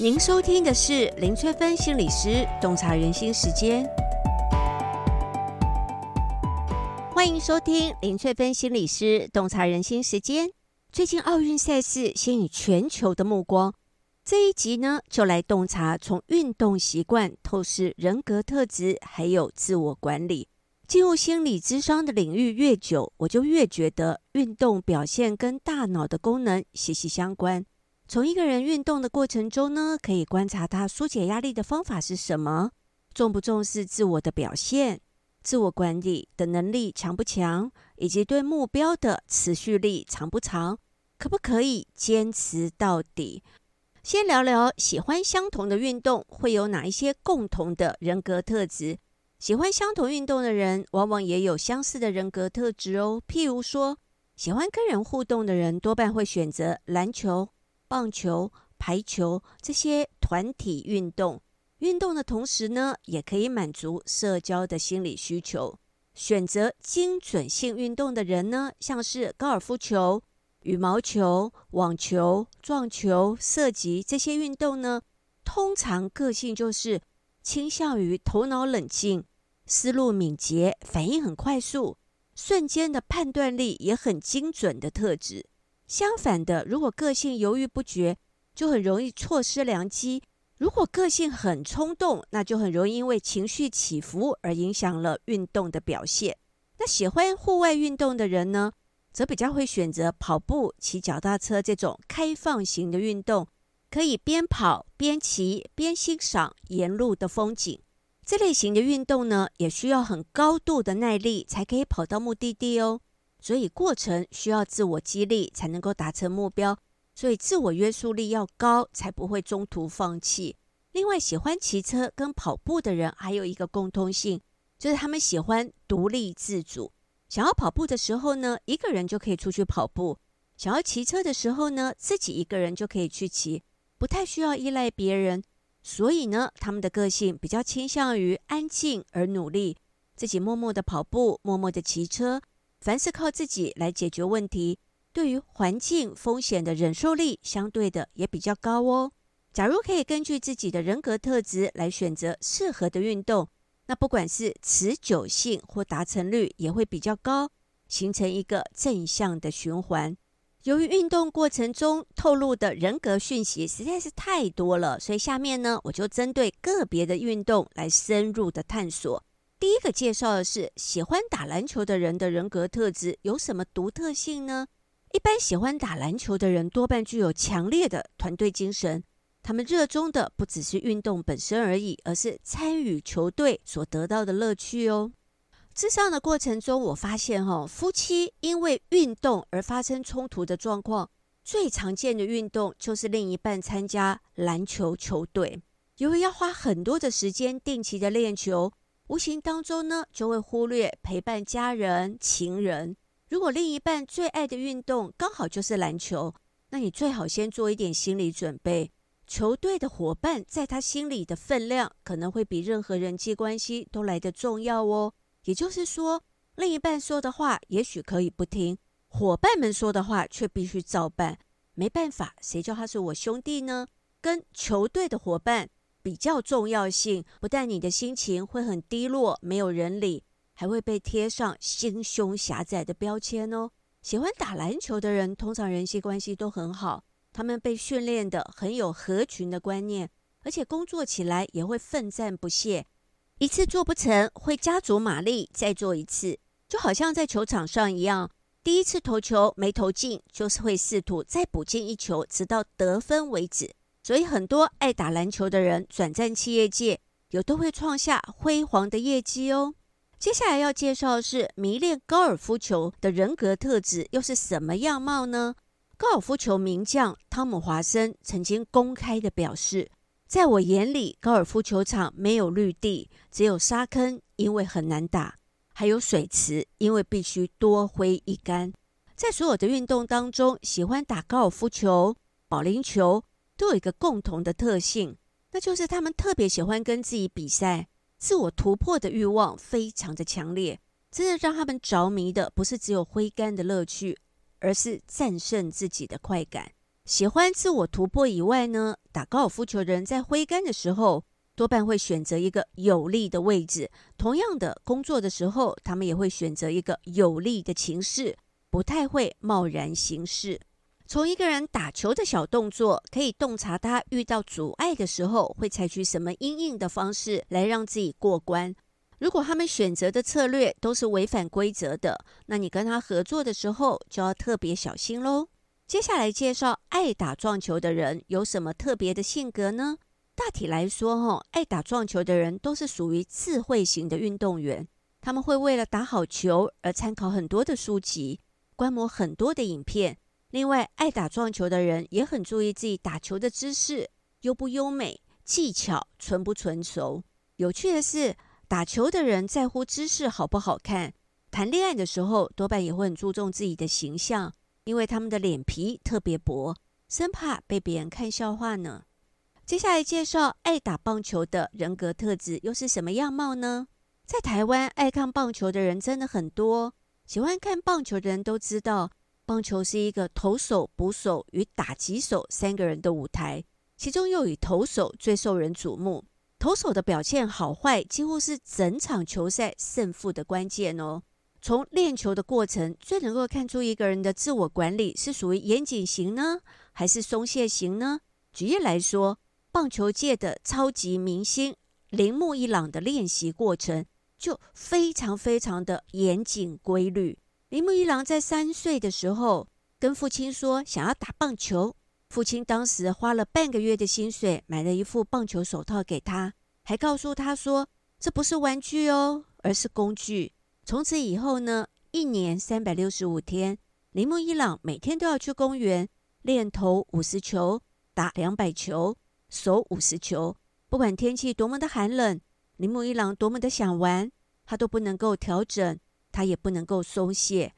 您收聽的是林翠芬心理師洞察人心時間，歡迎收聽林翠芬心理師洞察人心時間。最近奧運賽事吸引全球的目光，這一集呢就來洞察從運動習慣透視人格特質，還有自我管理。進入心理諮商的領域越久，我就越覺得運動表現跟大腦的功能息息相關。從一個人運動的過程中呢，可以觀察他紓解壓力的方法是什麼？重不重視自我的表現，自我管理的能力強不強，以及對目標的持續力長不長，可不可以堅持到底。先聊聊喜歡相同的運動會有哪一些共同的人格特質。喜歡相同運動的人，往往也有相似的人格特質哦。譬如說，喜歡跟人互動的人，多半會選擇籃球。棒球、排球這些團體運動，運動的同時呢，也可以滿足社交的心理需求。選擇精準性運動的人呢，像是高爾夫球、羽毛球、網球、撞球、射擊這些運動呢，通常個性就是傾向於頭腦冷靜、思路敏捷、反應很快速、瞬間的判斷力也很精準的特質。相反的，如果個性猶豫不決，就很容易錯失良機；如果個性很衝動，那就很容易因為情緒起伏而影響了運動的表現。那喜歡戶外運動的人呢，則比較會選擇跑步、騎腳踏車這種開放型的運動，可以邊跑邊騎邊欣賞沿路的風景。這類型的運動呢，也需要很高度的耐力才可以跑到目的地哦。所以，過程需要自我激勵才能夠達成目標。所以，自我約束力要高，才不會中途放棄。另外，喜歡騎車跟跑步的人，還有一個共通性，就是他們喜歡獨立自主。想要跑步的時候呢，一個人就可以出去跑步；想要騎車的時候呢，自己一個人就可以去騎，不太需要依賴別人。所以呢，他們的個性比較傾向於安靜而努力，自己默默的跑步，默默的騎車。凡是靠自己來解決問題，對於環境風險的忍受力相對的也比較高哦。假如可以根據自己的人格特質來選擇適合的運動，那不管是持久性或達成率也會比較高，形成一個正向的循環。由於運動過程中透露的人格訊息實在是太多了，所以下面呢，我就針對個別的運動來深入的探索。第一個介紹的是喜歡打籃球的人的人格特質有什麼獨特性呢？一般喜歡打籃球的人多半具有強烈的團隊精神，他們熱衷的不只是運動本身而已，而是參與球隊所得到的樂趣哦。諮商的過程中，我發現哈、哦，夫妻因為運動而發生衝突的狀況，最常見的運動就是另一半參加籃球球隊，由於要花很多的時間定期的練球。無形當中呢，就會忽略陪伴家人、情人。如果另一半最愛的運動剛好就是籃球，那你最好先做一點心理準備。球隊的伙伴在他心裡的分量，可能會比任何人際關係都來得重要哦。也就是說，另一半說的話也許可以不聽，伙伴們說的話卻必須照辦。沒辦法，誰叫他是我兄弟呢？跟球隊的伙伴。比較重要性，不但你的心情會很低落，沒有人理，還會被貼上心胸狹窄的標籤哦。喜歡打籃球的人，通常人際關係都很好，他們被訓練得很有合群的觀念，而且工作起來也會奮戰不懈。一次做不成，會加足馬力再做一次，就好像在球場上一樣，第一次投球沒投進，就是會試圖再補進一球，直到得分為止。所以，很多愛打籃球的人轉戰企業界，也都會創下輝煌的業績哦。接下來要介紹的是迷戀高爾夫球的人格特質，又是什麼樣貌呢？高爾夫球名將湯姆·華森曾經公開的表示，在我眼裡，高爾夫球場沒有綠地，只有沙坑，因為很難打；還有水池，因為必須多揮一桿。在所有的運動當中，喜歡打高爾夫球、保齡球。都有一個共同的特性，那就是他們特別喜歡跟自己比賽，自我突破的欲望非常的強烈。真的讓他們着迷的，不是只有揮桿的樂趣，而是戰勝自己的快感。喜歡自我突破以外呢，打高爾夫球人在揮桿的時候，多半會選擇一個有利的位置；同樣的，工作的時候，他們也會選擇一個有利的情勢，不太會貿然行事。從一個人打球的小動作，可以洞察他遇到阻礙的時候，會採取什麼因應的方式來讓自己過關。如果他們選擇的策略都是違反規則的，那你跟他合作的時候就要特別小心嘍。接下來介紹愛打撞球的人有什麼特別的性格呢？大體來說，吼愛打撞球的人都是屬於智慧型的運動員，他們會為了打好球而參考很多的書籍，觀摩很多的影片。另外，愛打撞球的人也很注意自己打球的姿勢，優不優美、技巧純不純熟。有趣的是，打球的人在乎姿勢好不好看，談戀愛的時候多半也會很注重自己的形象，因為他們的臉皮特別薄，生怕被別人看笑話呢。接下來介紹愛打棒球的人格特質又是什麼樣貌呢？在台灣，愛看棒球的人真的很多，喜歡看棒球的人都知道。棒球是一個投手、捕手與打擊手三個人的舞台，其中又以投手最受人矚目。投手的表現好壞，幾乎是整場球賽勝負的關鍵哦。從練球的過程，最能夠看出一個人的自我管理是屬於嚴謹型呢，還是鬆懈型呢？舉例來說，棒球界的超級明星鈴木一朗的練習過程，就非常非常的嚴謹規律。鈴木一郎在三歲的時候跟父親說想要打棒球，父親當時花了半個月的薪水買了一副棒球手套給他，還告訴他說這不是玩具哦，而是工具。從此以後呢，一年三百六十五天，鈴木一郎每天都要去公園練投五十球，打兩百球，守五十球。不管天氣多麼的寒冷，鈴木一郎多麼的想玩，他都不能夠調整。他也不能夠鬆懈。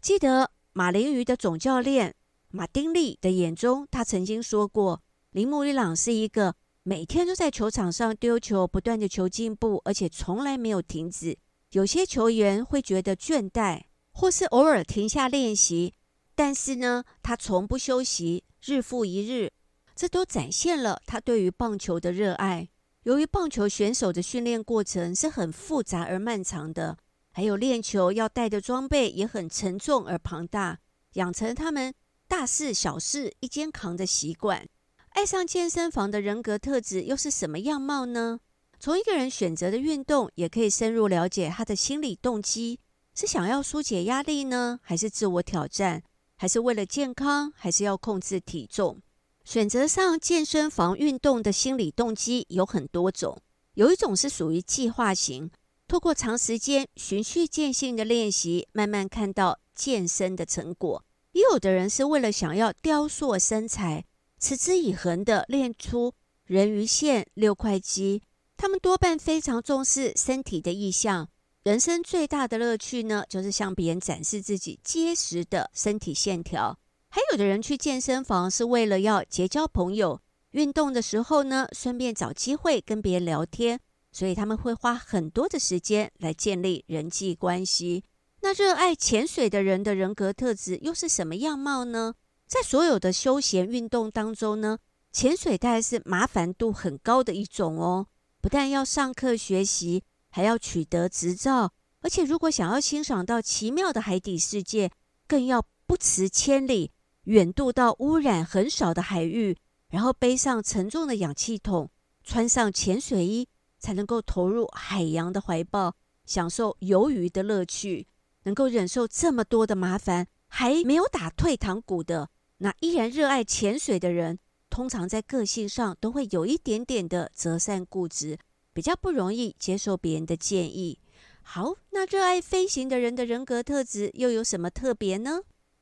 記得馬林魚的總教練馬丁利的眼中，他曾經說過，鈴木一朗是一個每天都在球場上丟球、不斷的求進步，而且從來沒有停止。有些球員會覺得倦怠，或是偶爾停下練習，但是呢，他從不休息，日復一日，這都展現了他對於棒球的熱愛。由於棒球選手的訓練過程是很複雜而漫長的。還有練球要帶的裝備也很沉重而龐大，養成他們大事小事一肩扛的習慣。愛上健身房的人格特質又是什麼樣貌呢？從一個人選擇的運動，也可以深入了解他的心理動機：是想要紓解壓力呢？還是自我挑戰，還是為了健康，還是要控制體重？選擇上健身房運動的心理動機有很多種，有一種是屬於計劃型。透過長時間循序漸進的練習，慢慢看到健身的成果。也有的人是為了想要雕塑身材，持之以恆的練出人魚線、六塊肌。他們多半非常重視身體的意象，人生最大的樂趣呢，就是向別人展示自己結實的身體線條。還有的人去健身房是為了要結交朋友，運動的時候呢，順便找機會跟別人聊天。所以他們會花很多的時間來建立人際關係。那熱愛潛水的人的人格特質又是什麼樣貌呢？在所有的休閒運動當中呢，潛水大概是麻煩度很高的一種哦。不但要上課學習，還要取得執照，而且如果想要欣賞到奇妙的海底世界，更要不辭千里遠渡到汙染很少的海域，然後背上沉重的氧氣筒，穿上潛水衣，才能夠投入海洋的懷抱，享受游魚的樂趣，能夠忍受這麼多的麻煩，還沒有打退堂鼓的，那依然熱愛潛水的人，通常在個性上都會有一點點的擇善固執，比較不容易接受別人的建議。好，那熱愛飛行的人的人格特質又有什麼特別呢？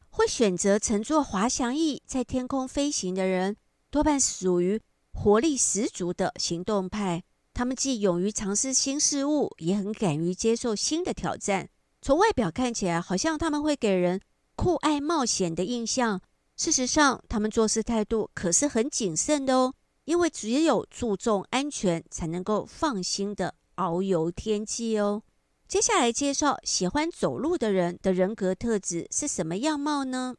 會選擇乘坐滑翔翼在天空飛行的人，多半屬於活力十足的行動派。他們既勇於嘗試新事物，也很敢於接受新的挑戰。從外表看起來，好像他們會給人酷愛冒險的印象。事實上，他們做事態度可是很謹慎的哦，因為只有注重安全，才能夠放心的遨遊天際哦。接下來介紹喜歡走路的人的人格特質是什麼樣貌呢？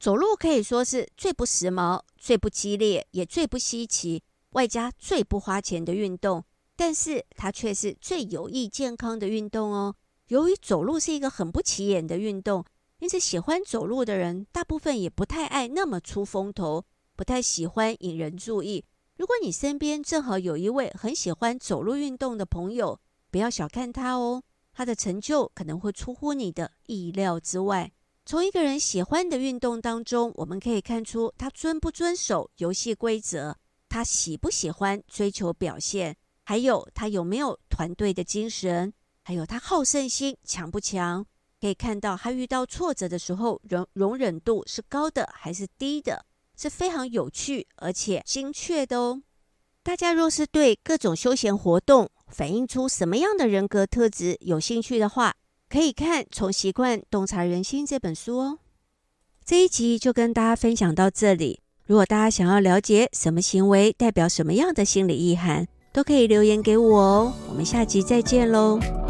走路可以說是最不時髦、最不激烈，也最不稀奇，外加最不花錢的運動。但是它卻是最有益健康的運動哦。由於走路是一個很不起眼的運動，因此喜歡走路的人大部分也不太愛那麼出風頭，不太喜歡引人注意。如果你身邊正好有一位很喜歡走路運動的朋友，不要小看他哦，他的成就可能會出乎你的意料之外。從一個人喜歡的運動當中，我們可以看出他遵不遵守遊戲規則，他喜不喜歡追求表現？還有他有沒有團隊的精神？還有他好勝心強不強？可以看到他遇到挫折的時候，容容忍度是高的還是低的？是非常有趣而且精確的哦。大家若是對各種休閒活動反映出什麼樣的人格特質有興趣的話，可以看《從習慣洞察人心》這本書哦。這一集就跟大家分享到這裡。如果大家想要了解什麼行為代表什麼樣的心理意涵，都可以留言給我哦，我們下集再見嘍。